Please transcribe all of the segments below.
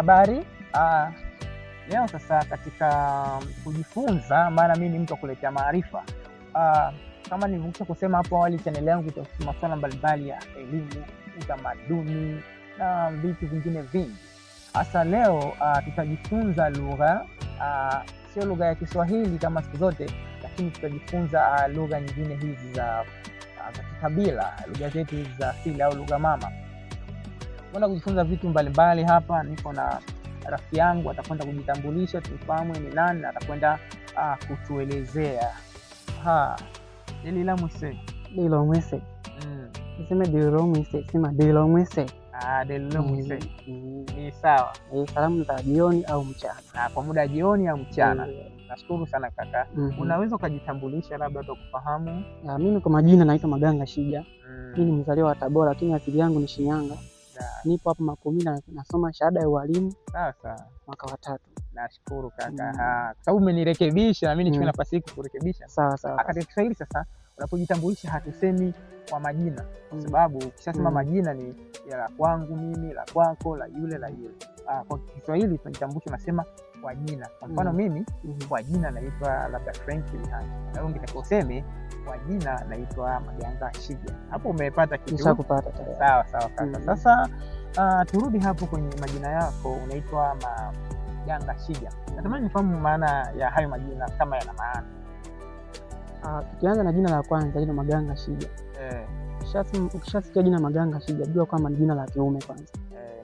Habari. Uh, leo sasa katika kujifunza, maana mimi ni mtu wa kuletea maarifa uh, kama nilivyokusha kusema hapo awali, chaneli yangu masuala mbalimbali ya elimu, utamaduni na vitu vingine vingi. Hasa leo uh, tutajifunza lugha uh, sio lugha ya Kiswahili kama siku zote, lakini tutajifunza uh, lugha nyingine hizi za uh, za kikabila, lugha zetu hizi za asili au lugha mama kwenda kujifunza vitu mbalimbali mbali. Hapa niko na rafiki yangu atakwenda kujitambulisha, tumfahamu ni nani, atakwenda uh, kutuelezea delilamwise delomwise mm. niseme delomwise sema delomwise ah, delilomwise mm. ni sawa, salamu za jioni au mchana, kwa muda jioni au mchana. mm. Nashukuru sana kaka. mm -hmm. Unaweza ukajitambulisha labda tukufahamu? Ah, mimi kwa majina naitwa Maganga Shija. mm. Mimi ni mzaliwa wa Tabora lakini asili yangu ni Shinyanga nipo hapa na nasoma shahada ya ualimu mwaka wa tatu. Nashukuru kaka, mm. ah, kwa sababu umenirekebisha na mimi nichukue mm. nafasi hii kukurekebisha. Sawa sawa. Ah, katika Kiswahili sasa unapojitambulisha hatusemi kwa majina kwa mm. sababu ukishasema majina ni la kwangu mimi, la kwako, la yule, la yule. Ah, kwa Kiswahili tunajitambulisha, unasema kwa jina. Kwa mm-hmm. mfano mimi mm-hmm. kwa jina naitwa labda Frank Mihaki, na ungetaka useme kwa jina naitwa Maganga Shija. Hapo umepata kitu sawa sawa. Mm-hmm. Sasa uh, turudi hapo kwenye majina yako, unaitwa Maganga Shija. Natamani nifahamu maana ya hayo majina kama yana maana. Uh, tukianza na jina la kwanza jina Maganga Shija eh. Ukishasikia jina Maganga Shija jua kwamba ni jina la kiume kwanza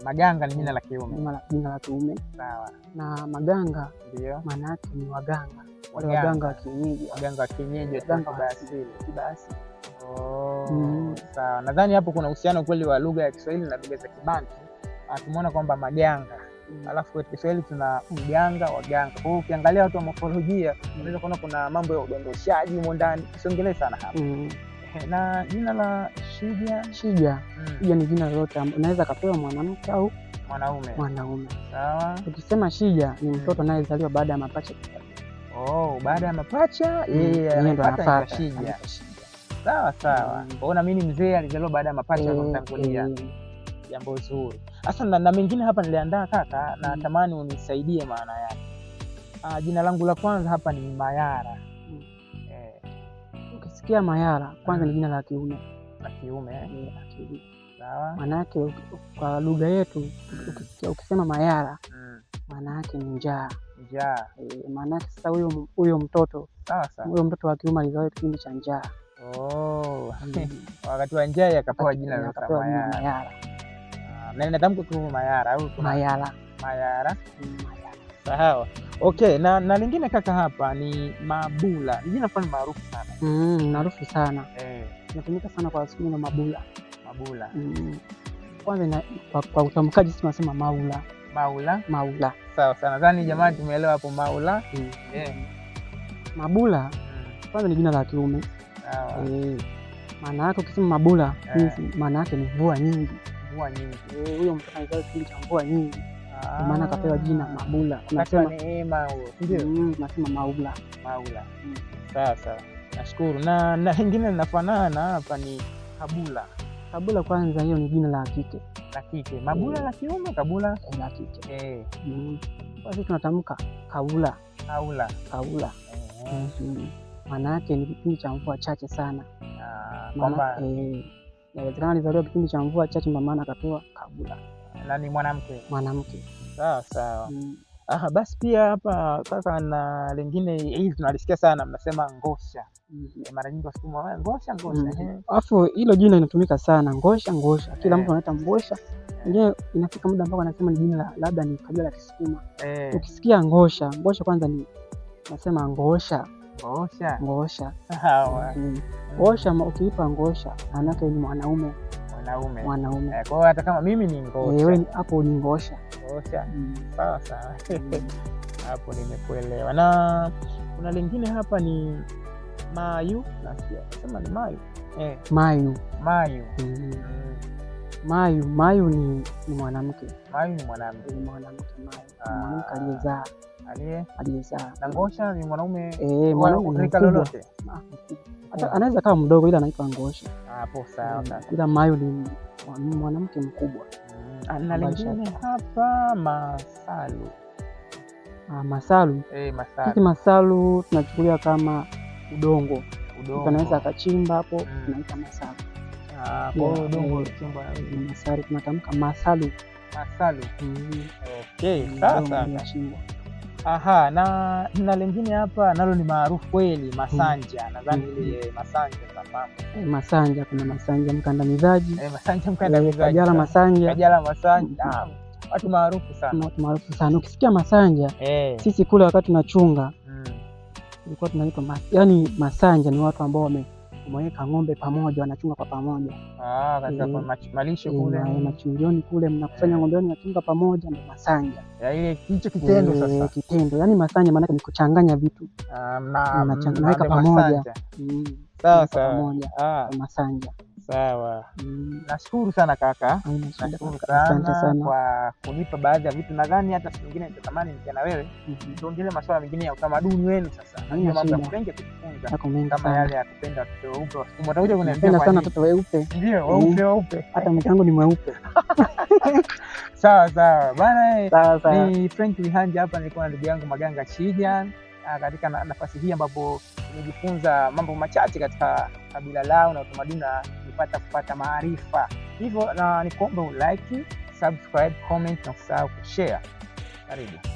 Maganga ni jina la kiume, jina la kiume. Sawa. Na maganga ndio maana yake ni waganga, wale waganga wa kienyeji, waganga wa kienyeji, wa asili, basi. Oh, mm Sawa, nadhani hapo kuna uhusiano kweli wa lugha ya Kiswahili na lugha za Kibantu. Ah, tumeona kwamba maganga Mm Alafu kwa Kiswahili tuna mganga waganga. Kwa hiyo ukiangalia watu wa mofolojia mm. unaweza kuona kuna mambo ya udondoshaji humo ndani, usiongelee sana hapa. Mm na jina la Shija? Shija. Mm. ni jina lolote unaweza kapewa mwanamke au mwanaume. Mwanaume. Sawa. Ukisema Shija ni mm. mtoto anayezaliwa baada ya mapacha. Oh, baada ya mapacha mm, yeye anapata Shija. Sawa sawa. Unaona mm. mimi mzee alizaliwa baada ya mapacha kutangulia. Eh, eh. Jambo zuri. Sasa na mengine hapa niliandaa kaka, na natamani unisaidie maana yake. Ah, jina langu la kwanza hapa ni Mayara. Sikia Mayala kwanza ni mm. jina la kiume. La kiume La kiume. Sawa. Manake kwa lugha yetu ukisikia ukisema Mayala mm. manake ni njaa. Njaa. E, maana sasa huyo huyo mtoto sasa huyo mtoto wa kiume alizaliwa kipindi cha njaa. Oh. Mm. Wakati wa njaa akapewa jina la Mayala. Mayala. Ah, na inatamka kama Mayala au Mayala. Mayala. Mayala sawa. Okay, na, na lingine kaka hapa ni mabula, ni jina fulani maarufu sana mm, maarufu sana eh, inatumika sana kwa Wasukuma na mabula mabula mm. Kwanza na, kwa, kwa utamkaji sisi tunasema maula maula maula, sawa sana. Nadhani jamani tumeelewa hapo maula mm. yeah. Mabula mm. kwanza ni jina la kiume eh, maana yake ukisema mabula yeah. maana yake ni mvua nyingi, mvua nyingi eh, huyo mtu anaitwa kipindi cha mvua nyingi maana akapewa jina Mabula, nasema neema huo, ndio tunasema mm, Maula. Maula, sawa nashukuru. Na na lingine linafanana hapa ni Kabula. Kabula kwanza, hiyo ni jina la kike la kike. Mabula eh. la kiume, Kabula eh, la kike eh. mm. Kwa Sisi tunatamka Kaula, Kaula, Kaula. Mm-hmm. Maana yake ni kipindi cha mvua chache sana, inawezekana ah, alizaliwa kipindi cha mvua chache, ndio maana akapewa Kabula na ni mwanamke mwanamke. Sawa sawa. Mm. Ah, basi pia hapa kaka, na lingine hii tunalisikia sana, mnasema ngosha. Mm. Eh, mara nyingi Wasukuma ngosha ngosha. Mm. Eh. Alafu hilo jina inatumika sana ngosha ngosha, kila eh. mtu anaita ngosha ndio inafika muda mpaka anasema ni jina labda ni kabila la Kisukuma. Ukisikia ngosha, ngosha kwanza ni nasema ngosha. Ngosha. Ngosha. Mm. Ngosha, ukiipa ngosha maana ni mwanaume mwanaume mwanaume. Eh, kwa hiyo hata kama mimi ni eh, ngosha wewe hapo ni ngosha ngosha, sawa mm. sawa hapo nimekuelewa. Na kuna lingine hapa ni mayu, nasikia sema ni mayu eh. mayu mayu mm. mayu mayu ni ni mwanamke mayu ni mwanamke ni mwanamke mayu ah. mwanamke aliyezaa aliyezaa na ngosha ni mwanaume eh, mwanaume rika lolote ah, anaweza kama mdogo ila anaitwa ngosha. ah hapo mm, sawa. Mm. Ila Mayo ni mwanamke mkubwa. Ah, na lingine hapa Masalu. Ah, Masalu. Eh, Masalu. Sisi Masalu tunachukulia kama udongo. Udongo. Anaweza akachimba hapo mm. tunaita Masalu. Ah, kwa udongo ulichimbwa na Masalu tunatamka Masalu. Masalu. Mm. Okay, sasa. Aha, na na lingine hapa nalo ni maarufu kweli, Masanja Hmm. nadhani ile mm. Masanja sababu e, eh, Masanja kuna Masanja mkandamizaji e, Masanja mkandamizaji Kajala Masanja Kajala Masanja Hmm. Ah, watu maarufu sana, watu maarufu sana. Ukisikia Masanja e. sisi kule wakati tunachunga mm. ilikuwa tunaitwa mas, yani Masanja ni watu ambao wame umeweka ng'ombe pamoja, wanachunga kwa pamoja ah, katika eh, malisho eh, kule machinjioni kule, mnakusanya eh. ng'ombe wenu mnachunga pamoja, ndo masanja. Hicho kitendo sasa, kitendo yani masanja maanake ni kuchanganya vitu, ah, mnaweka pamoja, mm, sawa sawa, ah. masanja Sawa. Mm, nashukuru sana kaka, mm, nashukuru sana, sana kwa kunipa baadhi ya vitu. Nadhani hata siku nyingine nitatamani nikia na wewe mm-hmm. tuongelee masuala mengine ya utamaduni wenu. Sasa najua mambo ya kwenda kujifunza kama yale ya kupenda watoto weupe, Wasukuma watakuja kuniambia sana watoto weupe, ndio weupe mm. weupe, hata mke wangu ni mweupe. Sawa sawa bana, eh, ni Frank Wihanji hapa, nilikuwa na ndugu yangu Maganga Chija ah, katika nafasi hii ambapo nimejifunza mambo machache katika kabila lao na utamaduni na nipata kupata maarifa. Hivyo na nikuombe ulike, subscribe, comment na usahau kushare. Karibu.